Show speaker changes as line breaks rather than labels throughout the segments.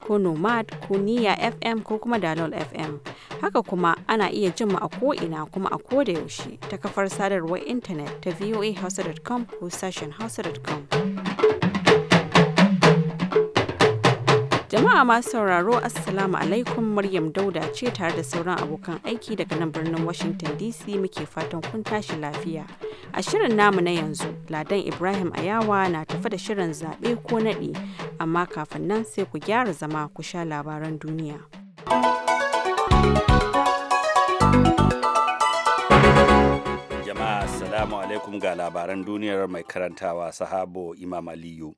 ko nomad ko niya fm ko kuma dalol fm haka kuma ana iya jin mu a ko'ina kuma a koda yaushe ta kafar sadarwar intanet ta voa voahausa.com ko sashen hausa.com Jama'a masu sauraro Assalamu alaikum Maryam Dauda ce tare da sauran abokan aiki daga nan birnin Washington DC muke fatan kun tashi lafiya. A shirin namu na yanzu, Ladan Ibrahim Ayawa na tafi da shirin zaɓe ko naɗe, amma kafin nan sai ku gyara zama ku sha labaran duniya.
Jama'a Assalamu alaikum ga labaran duniyar mai karantawa Sahabo Imam Aliyu.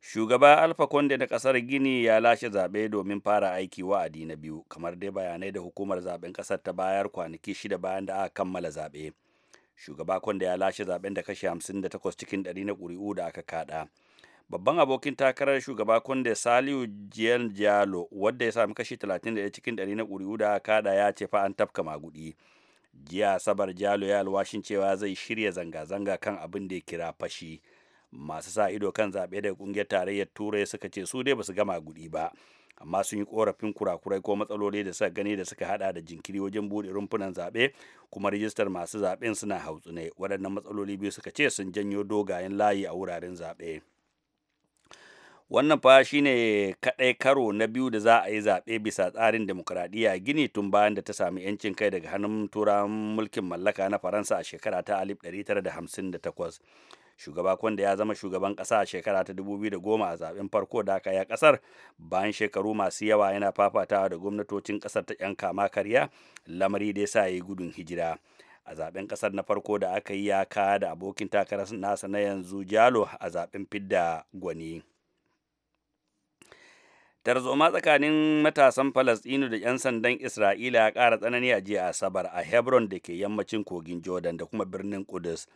shugaba alfa konde na kasar gini ya lashe zaɓe domin fara aiki wa'adi na biyu kamar dai bayanai da hukumar zaben kasar ta bayar kwanaki shida bayan da aka kammala zaɓe shugaba konde ya lashe zaben da kashe 58 cikin 100 na ƙuri'u da aka kada babban abokin takarar shugaba konde saliu jiyan jalo wadda ya sami kashi 31 cikin 100 na ƙuri'u da aka kada ya ce fa an tafka maguɗi jiya sabar jalo ya alwashin cewa zai shirya zanga-zanga kan abin da ya kira fashi masu sa ido kan zaɓe daga ƙungiyar tarayyar turai suka ce su dai basu gama guɗi ba amma sun yi korafin kurakurai ko matsaloli da suka gani da suka hada da jinkiri wajen buɗe rumfunan zaɓe kuma rijistar masu zaɓen suna hautsune waɗannan matsaloli biyu suka ce sun janyo dogayen layi a wuraren zaɓe wannan fa shine kaɗai karo na biyu da za a yi zaɓe bisa tsarin demokuraɗiyya gini tun bayan da ta sami 'yancin kai daga hannun turawan mulkin mallaka na faransa a shekara ta 1958 shugaba kwanda ya zama shugaban ƙasa a shekara ta 2010 a zaben farko da aka yi ƙasar bayan shekaru masu yawa yana fafatawa da gwamnatocin ƙasar ta 'yan kama karya lamari da ya yi gudun hijira a zaben ƙasar na farko da aka yi ya ka da abokin takarar nasa na yanzu jalo a zaben fidda gwani tarzoma tsakanin matasan falasɗinu da 'yan sandan isra'ila ya ƙara tsanani a jiya asabar a hebron da ke yammacin kogin jordan da kuma birnin kudus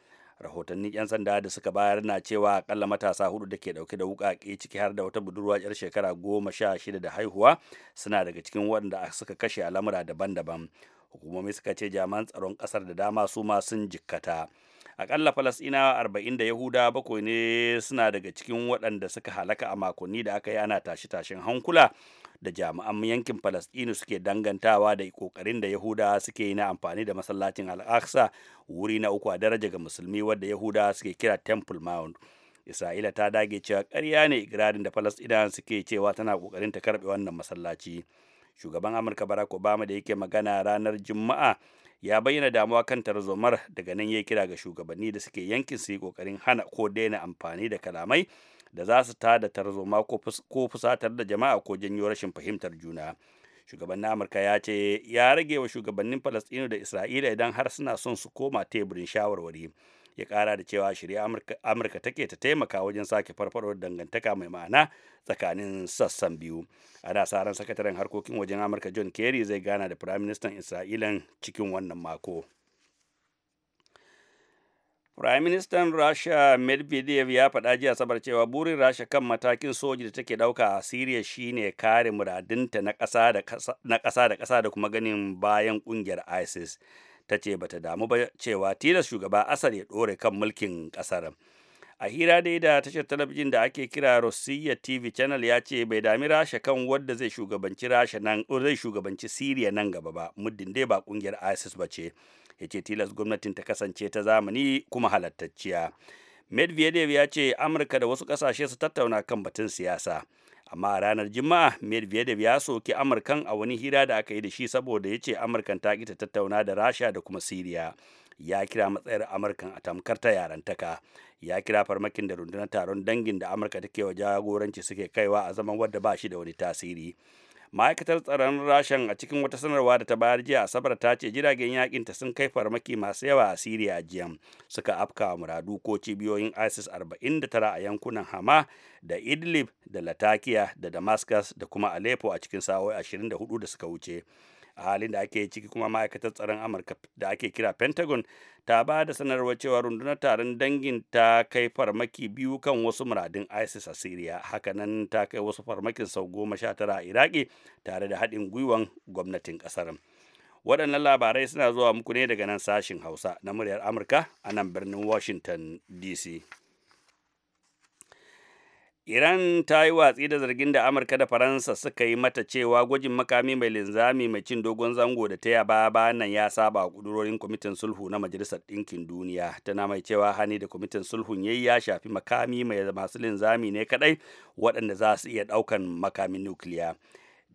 rahotannin 'yan sanda da suka bayar na cewa akalla matasa hudu da ke dauke da wukaki ciki har da wata budurwa yar shekara goma sha shida da haihuwa suna daga cikin waɗanda suka kashe a lamura daban-daban hukumomi suka ce jaman tsaron ƙasar da dama su ma sun jikkata akalla falasɗinawa arba'in da yahuda bakwai ne suna daga cikin waɗanda suka halaka a makonni da aka yi ana tashe-tashen hankula da jami'an yankin Falasɗinu suke dangantawa da kokarin da Yahudawa suke yi na amfani da masallacin Al-Aqsa wuri na uku a daraja ga musulmi wadda Yahudawa suke kira Temple Mount. Isra'ila ta dage cewa ƙarya ne igirarin da Falasɗinawa suke cewa tana kokarin ta karɓe wannan masallaci. Shugaban Amurka Barack Obama da yake magana ranar Juma'a ya bayyana damuwa kan tarzomar daga nan ya kira ga shugabanni da suke yankin su yi kokarin hana ko daina amfani da kalamai da za su tada tarzoma ko fusatar da jama'a ko janyo rashin fahimtar juna shugabannin amurka ya ce ya rage wa shugabannin falastinu da isra'ila idan har suna son su koma teburin shawarwari ya kara da cewa shirya amurka take ta taimaka wajen sake farfaro dangantaka mai ma'ana tsakanin sassan biyu ana sa ran sakataren harkokin wajen amurka john kerry zai gana da firaministan isra'ilan cikin wannan mako Firaministan Rasha Medvedev ya faɗa jiya sabar cewa burin Rasha kan matakin soji da take ɗauka a Siriya shine kare muradinta na ƙasa da ƙasa da kuma ganin bayan ƙungiyar ISIS. Ta ce bata damu ba cewa tilas shugaba Asad ya ɗore kan mulkin ƙasar. A hira dai da tashar talabijin da ake kira Rossiya TV channel ya ce bai dami Rasha kan wadda zai shugabanci Rasha nan zai shugabanci Siriya nan gaba ba muddin dai ba ƙungiyar ISIS ba ce. ya ce tilas gwamnatin ta kasance ta zamani kuma halattacciya medvedev ya ce amurka da wasu kasashe su tattauna kan batun siyasa amma a ranar juma'a medvedev ya soki amurkan a wani hira da aka yi da shi saboda ya ce amurkan ta ƙi ta tattauna da rasha da kuma siriya ya kira matsayar amurkan a tamkar ta yarantaka ya kira farmakin da rundunar taron dangin da amurka take wa jagoranci suke kaiwa a zaman wadda ba shi da wani tasiri ma'aikatar tsaron rashan a cikin wata sanarwa da ta bayar jiya asabar ta ce jiragen yakin ta sun kai farmaki masu yawa a siriya jiya suka afka muradu ko cibiyoyin isis 49 a yankunan hama da idlib da latakia da damascus da kuma aleppo a cikin sa'o'i 24 da suka wuce a halin da ake ciki kuma ma'aikatar tsaron amurka da ake kira pentagon ta ba da sanarwar cewa rundunar taron dangin ta kai farmaki biyu kan wasu muradin isis a syria hakanan ta kai wasu farmakin sau goma sha tara a iraki tare da haɗin gwiwan gwamnatin ƙasar waɗannan labarai suna zuwa muku ne daga nan sashin hausa na muryar amurka a nan birnin washington dc Iran ta yi watsi da zargin da Amurka da Faransa suka yi mata cewa gwajin makami mai linzami mai cin dogon zango da ta yaba bayan nan ya saba kudurorin kwamitin sulhu na Majalisar Ɗinkin Duniya. Tana mai cewa hani da kwamitin sulhun yayi ya shafi makami mai masu linzami ne kadai waɗanda za su iya ɗaukan makamin nukiliya.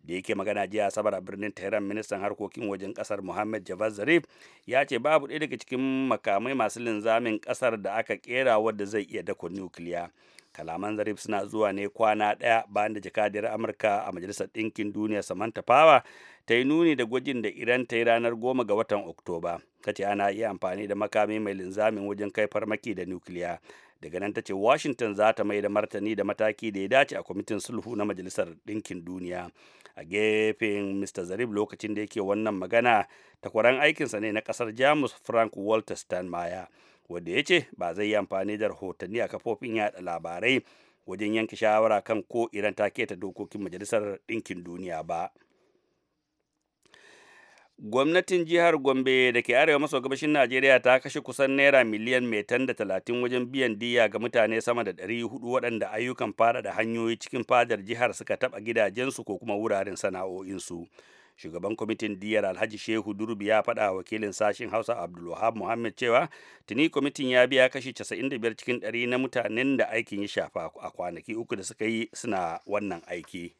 da yake magana jiya asabar a birnin tehran ministan harkokin wajen kasar muhammad javad zarif ya ce babu ɗaya daga cikin makamai masu linzamin kasar da aka kera wadda zai iya dako nukiliya kalaman zarif suna zuwa ne kwana ɗaya bayan da jakadiyar amurka a majalisar ɗinkin duniya samantha power ta yi nuni da gwajin da iran ta yi ranar goma ga watan oktoba ta ce ana iya amfani da makami mai linzamin wajen kai farmaki da nukiliya daga nan ta ce washington za ta mai da martani da mataki da ya dace a kwamitin sulhu na majalisar ɗinkin duniya a gefen mr zarif lokacin da yake wannan magana takwaran aikinsa ne na ƙasar jamus frank walter steinmeier wanda ya ce ba zai yi amfani da rahotanni a kafofin yada labarai wajen yanke shawara kan ko iran ta keta dokokin majalisar ɗinkin duniya ba gwamnatin jihar gombe da ke arewa maso gabashin najeriya ta kashe kusan naira miliyan metan da talatin wajen biyan diya ga mutane sama da ɗari hudu waɗanda ayyukan fara da hanyoyi cikin fadar jihar suka taɓa gidajensu ko kuma wuraren sana'o'insu. shugaban kwamitin diyar alhaji shehu durbi ya faɗa wakilin sashen hausa abdulwahab muhammad cewa tuni kwamitin ya biya kashi 95 cikin 100 na mutanen da aikin ya shafa a kwanaki uku da suka yi suna wannan aiki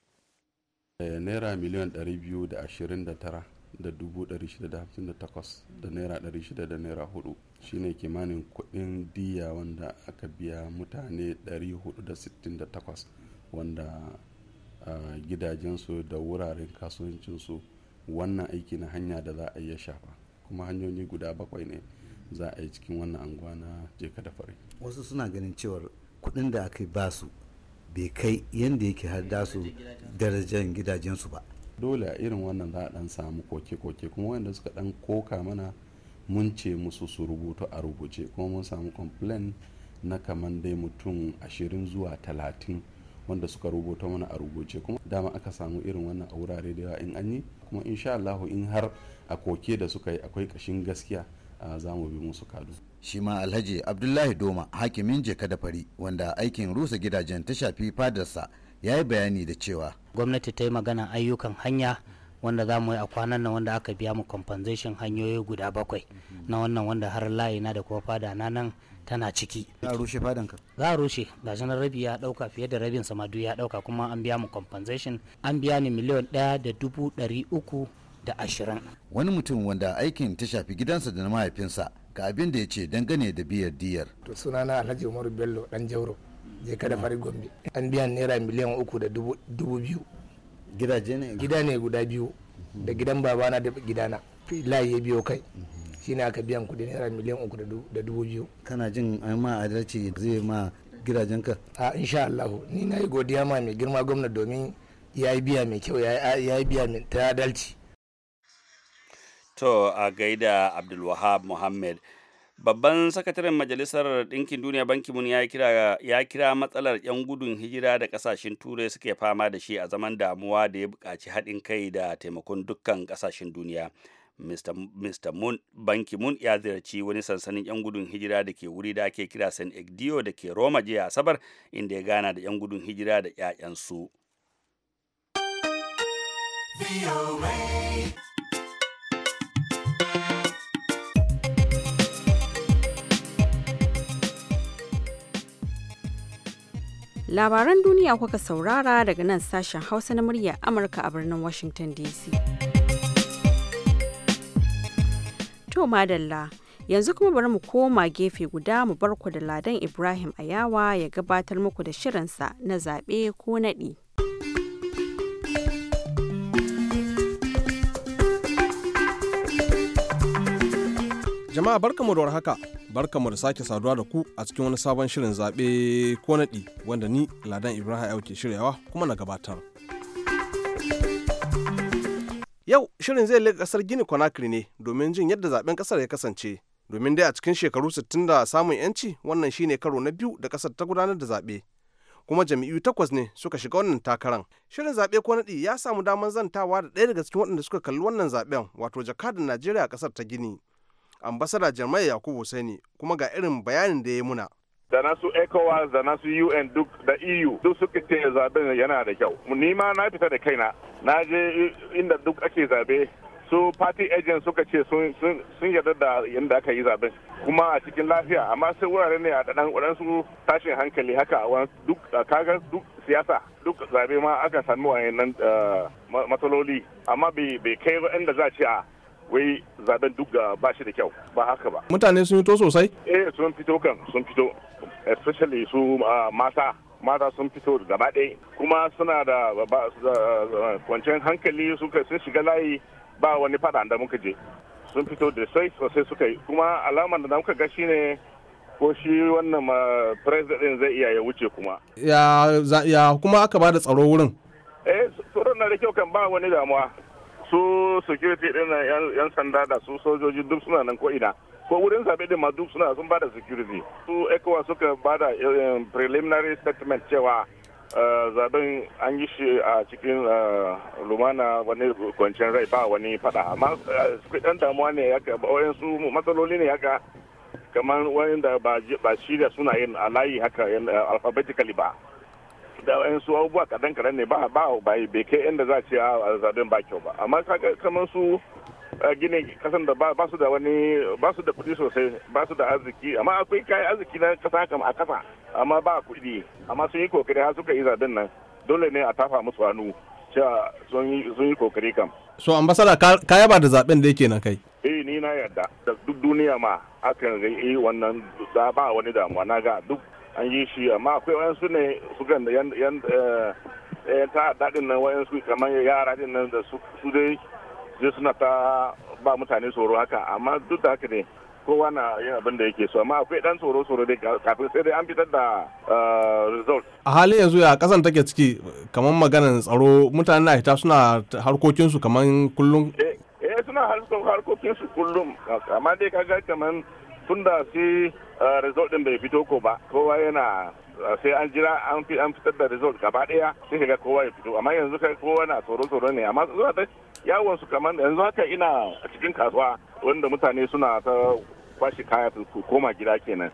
eh, naira miliyan 229 da dubu ɗari shida da hamsin da takwas da naira ɗari shida da naira hudu shine kimanin kudin diya wanda aka biya mutane ɗari da sittin da takwas wanda gidajensu da wuraren kasuwancinsu wannan aiki na hanya da za a iya shafa kuma hanyoyi guda bakwai ne za a yi cikin wannan anguwa na jeka da fari wasu suna ganin cewar kuɗin da aka ba su bai kai yadda yake hada su darajar gidajensu ba dole a irin wannan za a dan samu koke-koke kuma wanda suka dan koka mana mun ce musu su rubuto a rubuce kuma mun samu complain na kaman dai mutum ashirin zuwa talatin wanda suka rubuta mana a rubuce kuma dama aka samu irin wannan a wurare da yawa in an yi kuma insha Allah in har a koke da suka yi akwai kashin gaskiya za mu bi musu kadu. Shi ma Alhaji Abdullahi Doma hakimin jeka da fari wanda aikin rusa gidajen ta shafi fadarsa ya yi bayani da cewa. Gwamnati ta yi magana ayyukan hanya wanda za mu yi a kwanan nan wanda aka biya mu compensation hanyoyi guda bakwai na wannan
wanda har layi na da kuma fada na nan tana ciki za a rushe fadanka za a rushe ga shi rabi ya dauka fiye da rabin samadu ya dauka kuma an biya mu compensation an biya ni miliyan daya da
dubu dari uku da ashirin wani mutum wanda aikin ta shafi gidansa da na mahaifinsa ga abin da ya ce dangane da biyar diyar
to na alhaji umaru bello dan jauro je kada fari gombe an biya naira miliyan uku da dubu biyu gidaje ne gida ne guda biyu da gidan babana da gidana layi ya biyo kai mhm. ne aka biyan kudi naira miliyan uku da dubu biyu
kana jin an ma adalci zai ma gidajen ka. a insha allahu ni na
yi godiya ma mai girma gwamna domin ya yi biya mai kyau ya yi biya ta adalci
to a gaida abdulwahab muhammad Babban sakataren Majalisar Ɗinkin Duniya Banki Mun ya kira, matsalar 'yan gudun hijira da ƙasashen Turai suke fama da shi a zaman damuwa da ya buƙaci haɗin kai da taimakon dukkan ƙasashen duniya. Mr. Banki Moon ya ziyarci wani sansanin 'yan gudun hijira da ke wuri da ake kira San Egdio da ke Roma jiya Asabar inda ya gana da 'yan gudun hijira da 'ya'yansu.
Labaran duniya kuka saurara daga nan sashen Hausa na murya Amurka a birnin Washington DC. To madalla, yanzu kuma bari mu koma gefe guda mu barku da Ladan Ibrahim Ayawa ya gabatar muku da shirinsa na zaɓe ko naɗi. Jama'a
barkamu da barka mu da sake saduwa da ku a cikin wani sabon shirin zaɓe ko naɗi wanda ni Ladan Ibrahim Ayo ke shiryawa kuma na gabatar. Yau shirin zai leka kasar Gini Conakry ne domin jin yadda zaɓen kasar ya kasance. Domin dai a cikin shekaru 60 da samun 'yanci wannan shine karo na biyu da ƙasar ta gudanar da zaɓe. kuma jami'u takwas ne suka shiga wannan takaran shirin zaɓe ko naɗi ya samu damar zantawa da ɗaya daga cikin waɗanda suka kalli wannan zaɓen wato jakadan najeriya a ƙasar ta gini ambasada jamai yakubu hussaini kuma ga irin bayanin da ya muna
da nasu ECOWAS da nasu UN duk da EU duk suka ce zaben yana da kyau. Ni ma na fita da kaina na je inda duk ake zabe su party agent suka ce sun yarda da yadda aka yi zaben kuma a cikin lafiya amma sai wurare ne a ɗan waɗansu tashin hankali haka a duk kagar duk siyasa duk zabe ma aka sami wayannan eh, matsaloli amma bai kai inda za a ce a wai zaben duk ga ba shi da kyau ba haka ba
mutane sun fito sosai
eh sun fito kan sun fito especially su ah, mata mata sun fito gaba ɗaya kuma suna da kwanciyar hankali suka sun shiga layi ba wani fada da muka je sun fito da sai sosai suka yi kuma alamar da muka ga shine ko shi wannan ah, president zai iya ya wuce kuma
ya kuma aka ba da tsaro wurin
eh tsoron na da kyau kan ba wani damuwa su security din yan sanda da su sojoji duk suna nan ko'ina ko wurin zaɓe din ma duk suna sun bada security su ecowa suka bada eh, preliminary statement cewa eh, zaben an yi shi a cikin eh, lumana wani kwanciyar rai ba wani fada amma dan damuwa ne ya wayan su matsaloli ne ka kamar da ba shi da suna yin alayi haka alphabetically ba da wayan su abubuwa kadan kadan ne ba ba ba bai kai inda za a ce ah, a zaben ba kyau ba amma kaga kamar su gine kasan da ba su da wani ba su da kudi sosai ba su da arziki amma akwai kayan arziki na kasa kam a kasa amma ba kudi amma sun yi kokari har suka yi zaben nan dole ne a tafa musu hannu cewa sun yi kokari kam
so ambasada ka yaba da zaben da yake na kai
eh ni na yarda da duk duniya ma akan yi eh, wannan ba wani damuwa na ga duk an yi shi amma akwai wayansu ne su da yan eh, ta daɗin nan wayansu kamar yara din nan da su dai je suna ta ba mutane tsoro haka amma duk da haka ne kowa na yin abin da yake so amma akwai dan tsoro tsoro dai kafin sai dai an fitar da eh, result
a halin yanzu ya kasan take ciki kamar maganar tsaro mutane na hita suna harkokinsu kamar kullum
eh, eh suna harkokinsu kullum amma dai kaga kamar tunda sai result din bai fito ko ba kowa yana sai an jira an fitar da result gaba daya sai kaga kowa ya fito amma yanzu kai kowa na tsoro tsoro ne amma zuwa ta yawon su kamar yanzu haka ina a cikin kasuwa wanda mutane suna ta kwashi kaya su koma gida kenan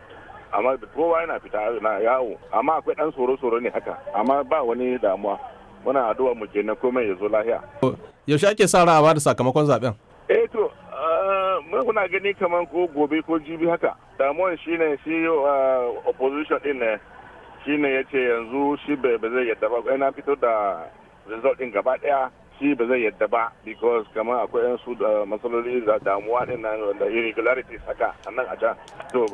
amma kowa yana fita na yawo amma akwai dan tsoro tsoro ne haka amma ba wani damuwa muna addu'a mu kenan komai ya zo lahiya
yaushe ake sa ba da sakamakon zaben
eh to muna gani kamar ko gobe ko jibi haka damuwan shi ne uh, shi opposition din ne shi ne ya ce yanzu shi ba zai yadda ba na fito da result din gaba daya shi ba zai yadda ba because kamar akwai yan su da uh, matsaloli da damuwa din nan da irregularities haka a nan a can to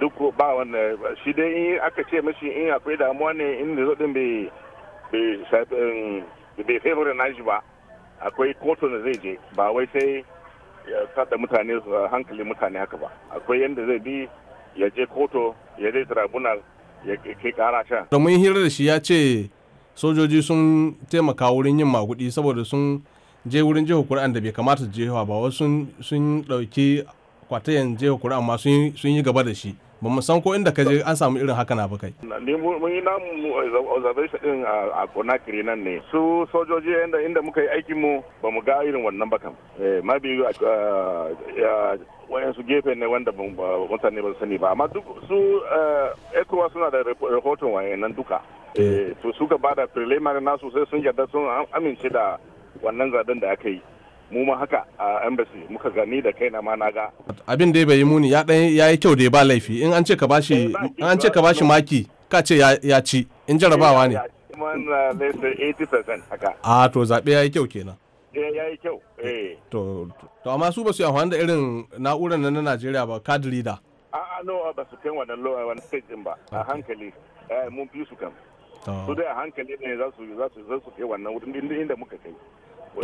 duk ba wanda shi dai in aka ce mashi in akwai damuwa ne in result din bai bai um, bai favor na ba akwai kotu da zai je ba wai sai ya sada mutane su hankali mutane haka ba akwai yadda zai bi ya je koto ya je tribunal ya ke kara can. da mun
hira da shi ya ce sojoji sun taimaka wurin yin magudi saboda sun je wurin jihar kuri'an da bai kamata su ba wasu sun dauki kwatayen jihar kuri'an ma sun yi gaba da shi ba mu san ko inda ka je an samu irin haka na bakai. ni
mun yi namu observation din a Conakry nan ne su sojoji inda inda muka yi aikin mu ba mu ga irin wannan bakan ma bi su gefe ne wanda mutane ba su sani ba amma duk su uh, ekowa suna da rahoton nan duka su eh. eh, suka ba da preliminary nasu sai sun yarda sun amince da wannan zaben da aka yi mu ma haka a embassy muka gani da kaina ma na ga
abin da bai yi muni ya dan yayi kyau da ba laifi in an ce ka bashi eh, an ce ka bashi maki ka ce ya ci in jarabawa ne eh,
uh,
a to zaɓe ya yi kyau kenan
eh, ya yi kyau
to to amma su ba su amfani da irin na'urar na Najeriya ba card reader
a a no ba su kai wannan lowa wannan stage din ba a hankali mun fi su kan oh. su dai a hankali ne za su za su kai wannan wurin inda muka kai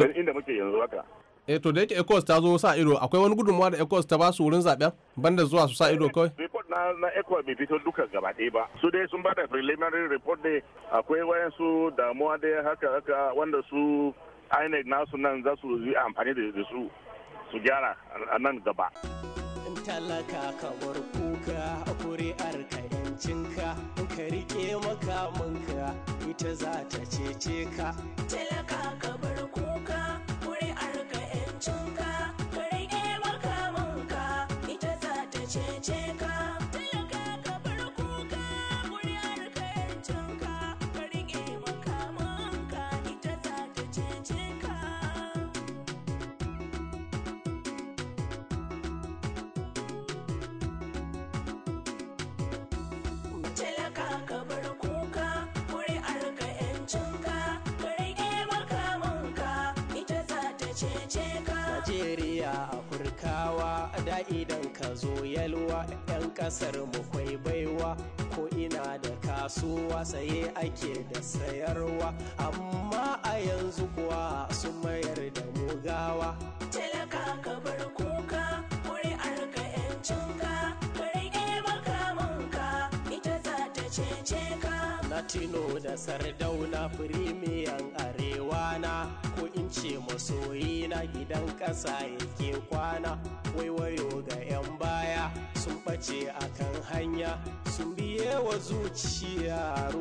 inda muke yanzu haka
eh to da yake ecos ta zo sa ido akwai wani gudunmawa da ecos ta ba su wurin zaben banda zuwa su sa ido eh, kawai
report na na ecos bai fito duka gaba ɗaya ba su dai sun bada preliminary report ne akwai su damuwa dai haka haka wanda su inec nasu nan za su yi amfani da su su gyara a nan gaba
talaka
bar kuka kuri'ar ka yancinka ka rike makamanka ita za ta cece ka
talaka
kasar mu kwai baiwa ko ina da kasuwa saye ake da sayarwa amma a yanzu kuwa su mayar da
mu gawa
talaka ka bar kuka kuri'ar ka yancinka ka makamanka ita za ta cece ka latino
da sardauna firimiyan arewa na ko in ce masoyi na gidan ƙasa yake kwana waiwayo ga 'yan baya sun ɓace a kan hanya sun biye wa zuciya a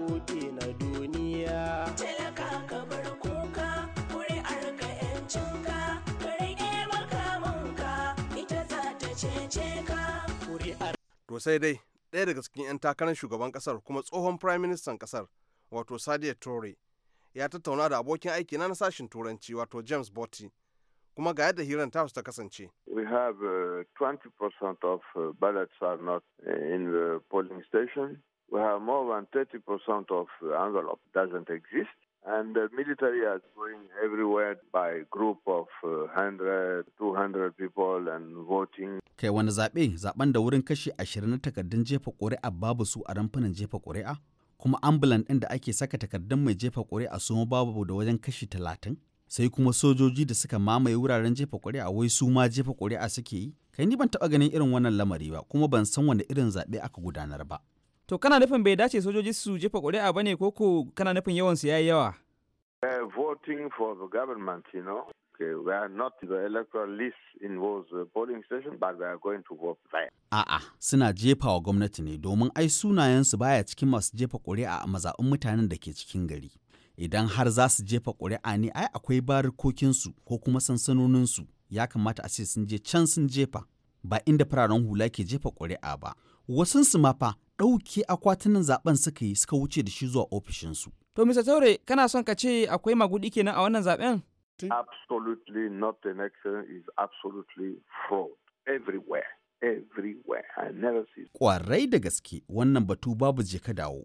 na duniya talaka ka bar kuka kuri'ar ka yancinka ka rike makamanka ita za ta cece ka
kuri'ar to sai dai ɗaya daga cikin 'yan takarar shugaban kasar kuma tsohon prime ministan kasar wato Sadiya tore ya tattauna da abokin aiki na sashen turanci wato james botti kuma ga yadda hirar ta ta kasance.
We have uh, 20% of uh, ballots are not uh, in the polling station. We have more than 30% of envelope doesn't exist. And the military is going everywhere by group of 100, uh, 200 people and voting.
Kai wani zaɓe zaɓen da wurin kashi ashirin na takardun jefa ƙuri'a babu su a ramfunan jefa ƙuri'a? Kuma ambulan ɗin da ake saka takardun mai jefa ƙuri'a su babu da wajen kashi talatin? sai kuma sojoji da suka mamaye wuraren jefa ƙuri'a wai su ma jefa ƙuri'a suke yi kai ni ban taɓa ganin irin wannan lamari ba kuma ban san wani irin zaɓe aka gudanar ba to
kana nufin bai dace sojoji su jefa ƙuri'a ba ne ko ko kana nufin yawan su yayi yawa voting for the government you know
we are not the electoral list in those uh, polling station but we are going to vote
a'a suna jefa wa gwamnati ne domin ai sunayensu baya cikin masu jefa kuri'a a mazaɓin mutanen da ke cikin gari idan har za su jefa ƙuri'a ne ai akwai barikokinsu ko kuma sansanoninsu ya kamata a ce sun je can sun jefa ba inda fararen hula ke jefa ƙuri'a ba wasunsu ma fa ɗauke akwatunan zaben suka yi suka wuce da shi zuwa ofishinsu.
To Mr. Taure kana son ka ce akwai magudi kenan a wannan zaben? Absolutely
not an is absolutely fraud everywhere. everywhere.
I never see. Kwarai da gaske wannan batu babu je ka dawo.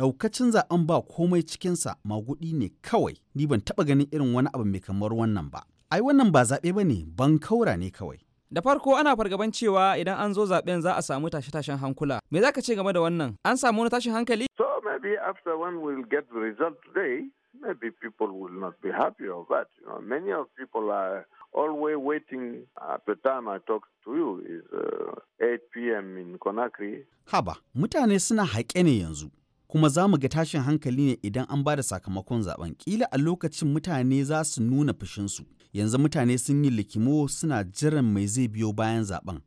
ɗaukacin zaɓen ba komai cikinsa magudi ne kawai ni ban taɓa ganin irin wani abu mai kamar wannan ba ai wannan ba zaɓe ba ne ban kaura ne kawai
da farko ana fargaban cewa idan an zo zaɓen za a samu tashe-tashen hankula me za ka ce game da wannan an samu wani tashin hankali so maybe after
one will get the result today maybe people will not be happy of that you know many of people are always waiting at uh, the time I talk to you is uh, 8 p.m. in Conakry.
Haba, mutane suna haƙe ne yanzu. kuma za mu ga tashin hankali ne idan an ba da sakamakon zaben kila a lokacin mutane za su nuna fushinsu yanzu mutane sun yi likimo suna jiran mai zai biyo bayan zaben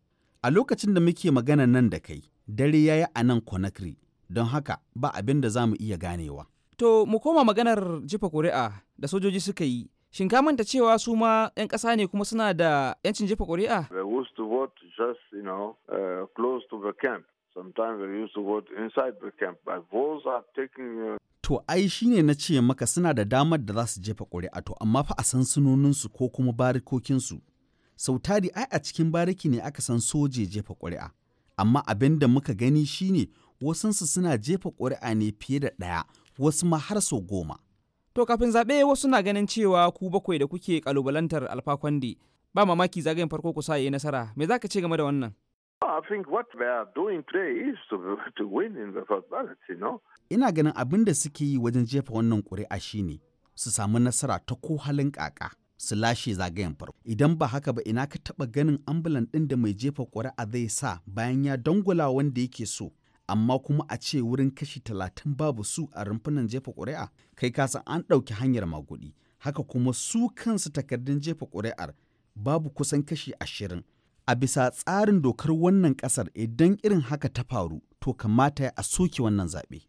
a lokacin da muke magana nan da kai dare ya yi a nan conakry don haka ba abin da za mu iya ganewa
to mu koma maganar jifa kuri'a da sojoji suka yi shin ka manta cewa su ma 'yan ƙasa ne kuma suna da 'yancin jefa kuri'a.
Uh, to the camp. Sometimes they used to go inside the camp, but votes are taking uh,
To ai shi ne na ce maka suna da damar da za su jefa ƙuri'a to amma fa a san su ko kuma barikokinsu. Sau tari ai a cikin bariki ne aka san soje jefa ƙuri'a. Amma abin da muka gani shi ne wasansu suna jefa ƙuri'a ne fiye da ɗaya wasu ma har sau goma.
To kafin zaɓe wasu na ganin cewa ku bakwai da kuke ƙalubalantar alfa kwande ba mamaki zagayen farko ku sa yi nasara me za ka ce game da wannan?
I think what they are doing today is to, to win in the first ballot, you know.
Ina ganin abin da suke
yi wajen jefa wannan ƙuri'a shine su samu nasara ta ko halin ƙaƙa su lashe zagayen farko. Idan ba haka ba ina ka taɓa ganin ambulan ɗin da mai jefa ƙuri'a zai sa bayan ya dangula wanda yake so amma kuma a ce wurin kashi talatin babu su a rumfunan jefa ƙuri'a kai kasan an ɗauki hanyar maguɗi haka kuma su kansu takardun jefa ƙuri'ar babu kusan kashi ashirin a bisa tsarin dokar wannan kasar idan irin haka ta faru to kamata a soke wannan zaɓe.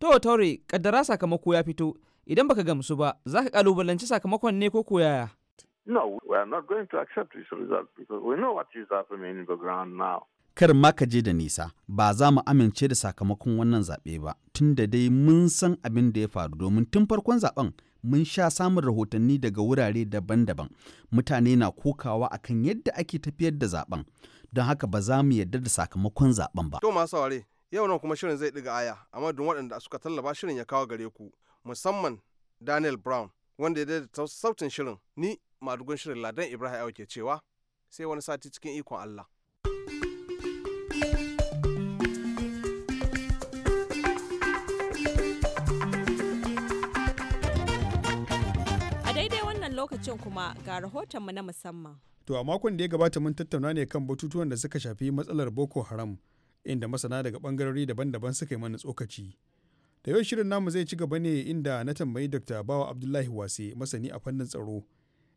To taure kaddara sakamako ya fito idan baka gamsu ba za ka kalubalanci sakamakon ne ko koyaya. No,
we are not going to accept this result because we know what is happening in the ground now.
Kar ma ka
je da nisa, ba za mu amince da sakamakon wannan zaɓe ba, tun da dai mun san abin da ya faru domin tun farkon zaɓen mun sha samun rahotanni daga wurare daban-daban mutane na kokawa akan yadda ake tafiyar da zaben don haka ba za mu yarda da sakamakon zaben ba. To
masu saurare yau nan kuma shirin zai ɗiga aya amma don waɗanda suka tallaba shirin ya kawo gare ku musamman Daniel Brown wanda ya daidaita sautin shirin ni madugun shirin Ladan Ibrahim ke cewa sai wani sati cikin ikon Allah.
lokacin kuma ga rahotonmu na musamman.
To a makon da ya gabata mun tattauna ne kan batutuwan da suka shafi matsalar Boko Haram inda masana daga bangarori daban-daban suka yi mana tsokaci. Da yau shirin namu zai ci gaba ne inda na tambayi Dr. Bawa Abdullahi Wase masani a fannin tsaro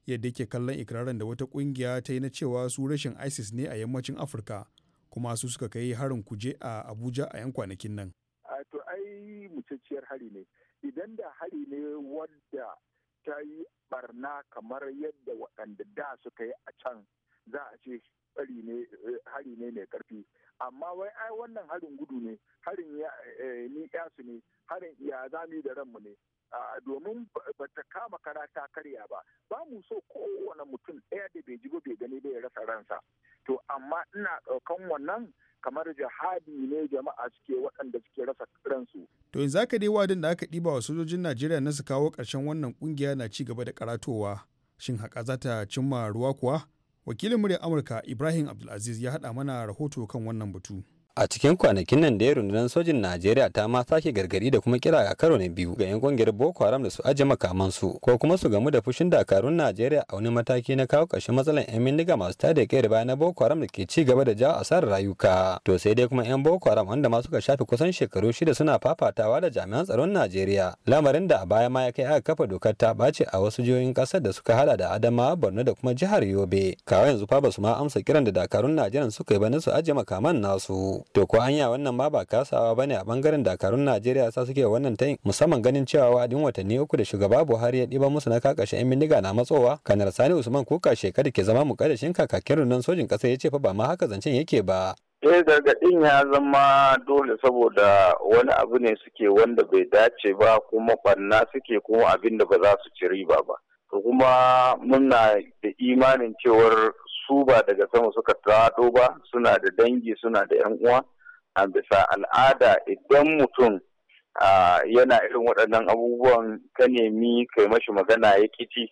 yadda yake kallon ikirarin da wata kungiya ta yi na cewa su rashin ISIS ne a yammacin Afirka kuma su suka kai harin kuje a Abuja a yan kwanakin nan.
To ai hari ne.
Idan da hari ne wadda ta yi barna kamar yadda waɗanda da suka yi a can za a ce hari ne eh, mai karfi amma wai ai wannan harin gudu ne harin eh, ni su ne harin ya zami da ranmu ne domin ba ta kama karata karya ba ba mu so kowane mutum ɗaya da bai ji bai gani bai rasa ransa to amma ina ɗaukan wannan kamar
jihadi ne jama'a suke waɗanda suke rasa ransu.
To yanzu aka dai wadin da aka ɗiba wa sojojin Najeriya na su kawo ƙarshen wannan ƙungiya na ci gaba da karatowa. Shin haka za ta cimma ruwa kuwa? Wakilin muryar Amurka Ibrahim Abdulaziz ya haɗa mana rahoto kan wannan batu.
a cikin kwanakin nan da ya rundunar sojin najeriya ta ma sake gargadi da kuma kira a karo na biyu ga yan kungiyar boko haram da su aje makamansu ko kuma su gamu da fushin dakarun najeriya a wani mataki na kawo ƙarshen matsalar yan bindiga masu tada kai baya na boko haram da ke ci gaba da jawo asarar rayuka to sai dai kuma yan boko haram wanda ma suka shafe kusan shekaru shida suna fafatawa da jami'an tsaron najeriya lamarin da a baya ma ya kai aka kafa dokar ta ɓace a wasu jihohin ƙasar da suka hada da Adama, borno da kuma jihar yobe kawai yanzu fa ba su ma amsa kiran da dakarun najeriya suka yi ba na su aje makaman nasu to ko anya wannan ma ba kasawa bane a bangaren dakarun najeriya sa suke wannan tayin musamman ganin cewa wa'adin watanni uku da shugaba buhari ya ɗiba musu na kakashe yan bindiga na matsowa kanar sani usman kuka shekara ke zama mu mukaddashin kakakin nan sojin kasa ya fa ba ma haka zancen yake ba
eh gargaɗin ya zama dole saboda wani abu ne suke wanda bai dace ba kuma ɓanna suke kuma abin da ba za su ci riba ba to kuma muna da imanin cewar su ba daga sama suka taɗo ba suna da dangi suna da yan uwa a bisa al'ada idan mutum yana irin waɗannan abubuwan ka nemi kai mashi magana ya kici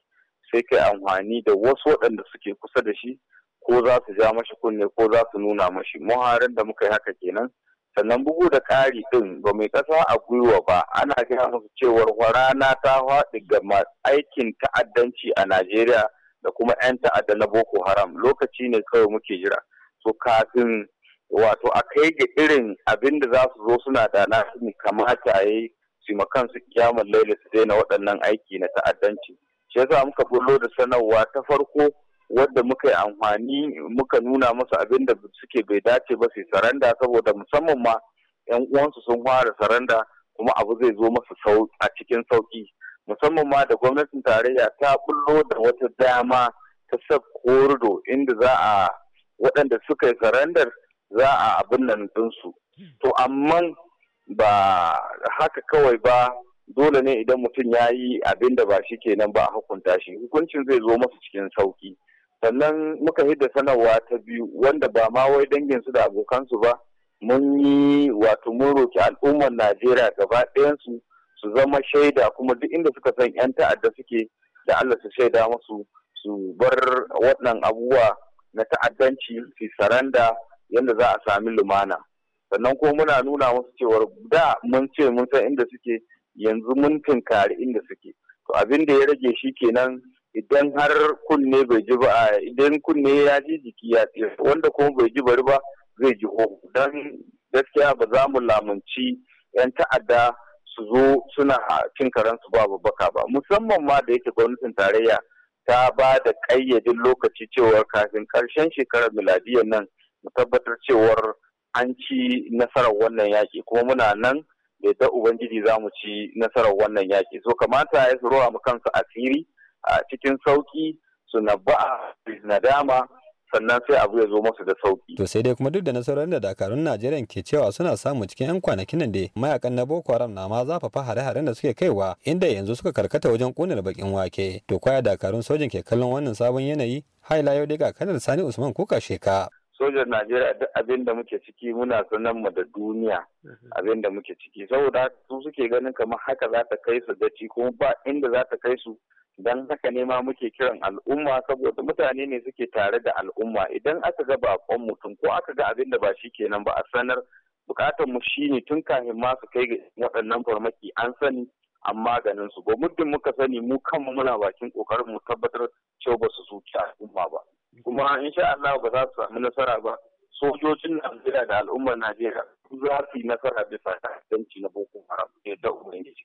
sai kai amfani da wasu waɗanda suke kusa da shi ko za su ja mashi kunne ko za su nuna mashi muharin da muka yi haka kenan sannan bugu da ƙari ɗin ba mai ƙasa a gwiwa ba ana kira musu cewar rana ta faɗi ga aikin ta'addanci a najeriya da kuma 'yan ta'adda na boko haram lokaci ne kawai muke jira so kafin wato a kai ga irin abin da za su zo suna da na kamata ya yi su ma kansu kyamun laila su daina waɗannan aiki na ta'addanci shi yasa muka bullo da sanarwa ta farko wadda muka yi amfani muka nuna masu abin da suke bai dace ba su saranda saboda musamman ma 'yan uwansu sun fara saranda kuma abu zai zo masu a cikin sauki musamman ma da gwamnatin tarayya ta bullo da wata dama ta sab korido inda za a waɗanda suka yi sarandar za a abin nan ɗinsu to amma ba haka kawai ba dole ne idan mutum ya yi abin da ba shi kenan ba a hukunta shi hukuncin zai zo masu cikin sauki sannan muka yi da sanarwa ta biyu wanda ba ma wai danginsu da abokansu ba mun yi wato mun roki al'ummar najeriya gaba ɗayansu su zama shaida kuma duk inda suka san 'yan ta'adda suke da Allah su shaida musu su bar waɗannan abubuwa na ta'addanci su saranda yadda za a sami lumana sannan kuma muna nuna musu cewar da mun ce mun san inda suke yanzu mun tunkari inda suke to abin da ya rage shi kenan idan har kunne bai ji ba idan kunne ya ji jiki ya tsira wanda kuma bai ji bari ba zai ji ho don gaskiya ba za mu lamunci 'yan ta'adda su zo suna cin karansu ba babbaka ba musamman ma da yake gwamnatin tarayya ta ba da ƙayyadin lokaci cewar kafin ƙarshen shekarar miladiyyar nan mu tabbatar cewar an ci nasarar wannan yaƙi kuma muna nan da yadda ubangiji za mu ci nasarar wannan yaƙi so kamata ya su roha mu kansu asiri a cikin sauƙi su na ba nadama sannan sai abu ya zo masu da sauki.
To sai dai kuma duk da nasarorin da dakarun Najeriya ke cewa suna samu cikin 'yan kwanakin nan da mayakan na Boko Haram na ma zafafa hare-haren da suke kaiwa inda yanzu suka karkata wajen ƙunar bakin wake. To kwaya dakarun sojin ke kallon wannan sabon yanayi? Haila yau dai ga kanar Sani Usman kuka sheka.
sojan Najeriya duk abin da muke ciki muna sanar mu da duniya abin da muke ciki saboda su suke ganin kamar haka za ta kai su gaci kuma ba inda za ta kai su don haka ne ma muke kiran al'umma saboda mutane ne suke tare da al'umma idan aka ga bakon mutum ko aka ga abin da ba shi kenan ba a sanar bukatar mu ne tun kafin ma su kai ga waɗannan farmaki an sani an maganin su ba muddin muka sani mu kanmu muna bakin kokarin mu tabbatar cewa ba su zuci al'umma ba kuma insha Allah ba za su samu nasara ba sojojin Najeriya da al'ummar Najeriya za su yi nasara bisa ta'addanci na Boko Haram da Ubangiji.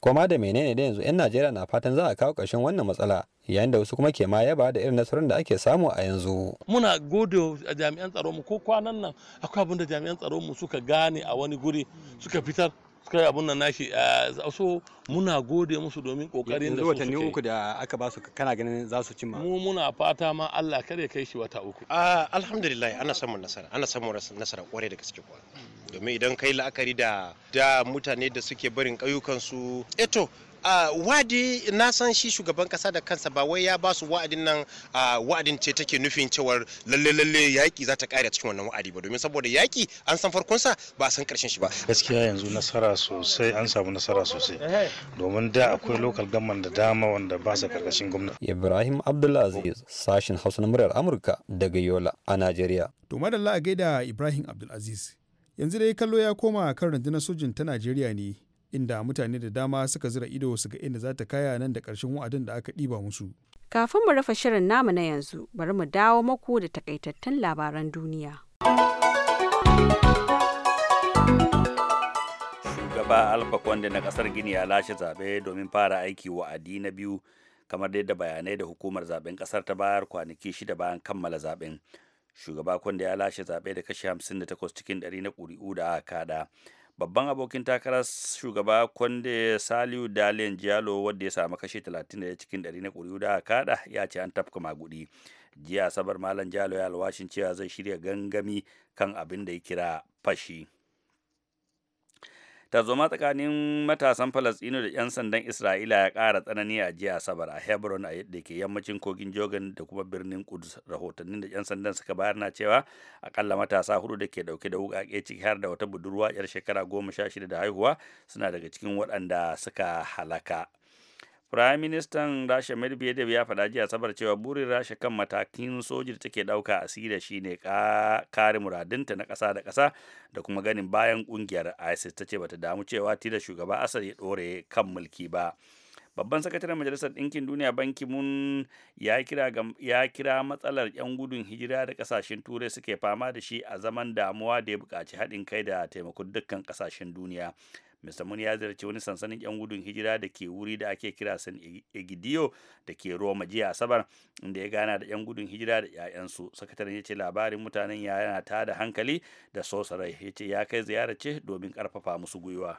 Koma da menene da yanzu 'yan Najeriya na fatan za a kawo ƙarshen wannan matsala yayin da wasu kuma ke ma yaba da irin nasarar da ake samu a yanzu.
Muna gode a jami'an tsaro mu ko kwanan nan akwai abin da jami'an tsaro mu suka gane a wani guri suka fitar suka abun nan nashi a so
muna gode musu domin kokarin da su watanni uku da aka ba su kana ganin za su cimma mu muna fata ma Allah kare kai shi wata uku alhamdulillah ana samun nasara ana samun nasara kware da gaske
kuwa domin idan kai la'akari da da mutane da suke barin ƙauyukan su eto eh wa'adi ah, wadi na san shi shugaban kasa da kansa ba wai ya ba su wa'adin nan ah, wa'adin ce take nufin cewar lalle lalle yaki za ta kare cikin wannan wa'adi ba domin saboda yaki an san farkon sa ba san karshen shi ba
gaskiya yanzu nasara sosai an samu nasara sosai eh, eh.
domin da akwai local government da dama wanda ba sa karkashin gwamnati Ibrahim Abdulaziz sashin Hausa na muryar Amurka daga Yola a Najeriya
to madalla a gaida Ibrahim Abdulaziz yanzu dai kallo ya koma kan rundunar sojin ta Najeriya ne inda mutane da dama suka zira ido su ga inda za ta kaya nan da ƙarshen wa'adin da aka ɗiba musu.
Kafin mu rufe shirin namu na yanzu, bari mu dawo maku da takaitattun labaran duniya.
Shugaba Alfa Conde na ƙasar Gini ya lashe zaɓe domin fara aiki wa'adi na biyu kamar yadda bayanai da hukumar zaɓen ƙasar ta bayar kwanaki shida bayan kammala zaɓen. Shugaba kwanda ya lashe zaɓe da kashi 58 cikin 100 na ƙuri'u da aka kada. babban abokin takarar shugaba kwande saliu dalen jalo wadda ya samu kashe 31 cikin 100 na kuri'u da kada ya ce an tafka magudi jiya sabar malam jalo ya alwashin cewa zai shirya gangami kan abin da ya kira fashi tazoma tsakanin matasan falastinu da 'yan sandan isra'ila ya ƙara tsanani a jiya asabar a hebron a yadda ke yammacin kogin jogan da kuma birnin kudus rahotannin da 'yan sandan suka bayar na cewa akalla matasa hudu da ke dauke da wukake ciki har da wata budurwa 'yar shekara goma sha shida da haihuwa suna daga cikin waɗanda suka halaka Prime Ministan Rasha Medvedev ya faɗa jiya sabar cewa burin Rasha kan matakin soji da take ɗauka a Siriya ne kare muradinta na ƙasa da ƙasa da kuma ganin bayan ƙungiyar ISIS ta ce bata damu cewa tida shugaba Asad ya ɗore kan mulki ba. babban sakataren majalisar ɗinkin duniya banki mun ya kira, ya kira matsalar 'yan gudun hijira da ƙasashen turai suke fama da shi a zaman damuwa da ya buƙaci haɗin kai da taimakon dukkan ƙasashen duniya Mr. muni ya ziyarci wani sansanin 'yan gudun hijira da ke wuri da ake kira San e-, Egidio da ke Roma jiya Asabar inda ya gana da 'yan gudun hijira da 'ya'yansu. Sakataren ya ce labarin mutanen ya yana ta da hankali da sosarai ya ce ya kai ziyarar ce domin ƙarfafa musu gwiwa.